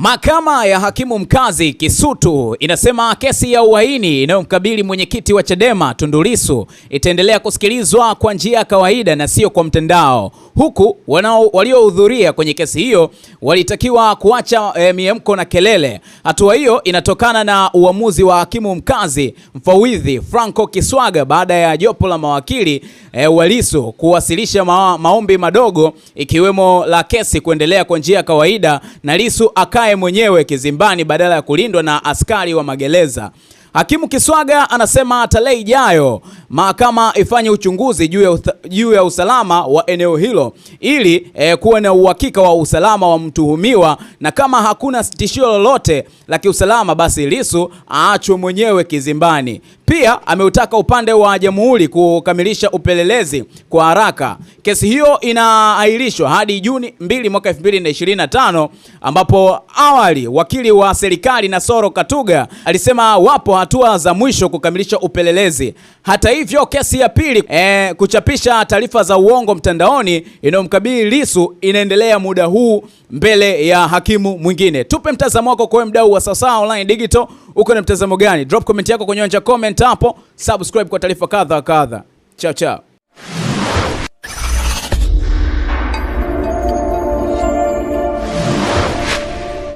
Mahakama ya hakimu mkazi Kisutu inasema kesi ya uhaini inayomkabili mwenyekiti wa Chadema Tundu Lissu itaendelea kusikilizwa kwa njia ya kawaida na sio kwa mtandao, huku waliohudhuria kwenye kesi hiyo walitakiwa kuacha eh, miemko na kelele. Hatua hiyo inatokana na uamuzi wa hakimu mkazi mfawidhi Franco Kiswaga baada ya jopo la mawakili eh, wa Lissu kuwasilisha ma maombi madogo ikiwemo la kesi kuendelea kwa njia ya kawaida na Lissu akae naye mwenyewe kizimbani badala ya kulindwa na askari wa magereza. Hakimu Kiswaga anasema tarehe ijayo mahakama ifanye uchunguzi juu ya usalama wa eneo hilo ili e, eh, kuwa na uhakika wa usalama wa mtuhumiwa, na kama hakuna tishio lolote la kiusalama, basi Lissu aachwe mwenyewe kizimbani. Pia ameutaka upande wa jamhuri kukamilisha upelelezi kwa haraka. Kesi hiyo inaahirishwa hadi Juni 2 mwaka 2025, ambapo awali wakili wa serikali soro Katuga alisema wapo hatua za mwisho kukamilisha upelelezi. Hata hivyo, kesi ya pili e, kuchapisha taarifa za uongo mtandaoni inayomkabili Lissu inaendelea muda huu mbele ya hakimu mwingine. Tupe mtazamo wako kwa mdau wa Sawasawa Online Digital, uko na mtazamo gani? Drop comment yako kwenye onja comment hapo, subscribe kwa taarifa kadha kadha. Chao chao.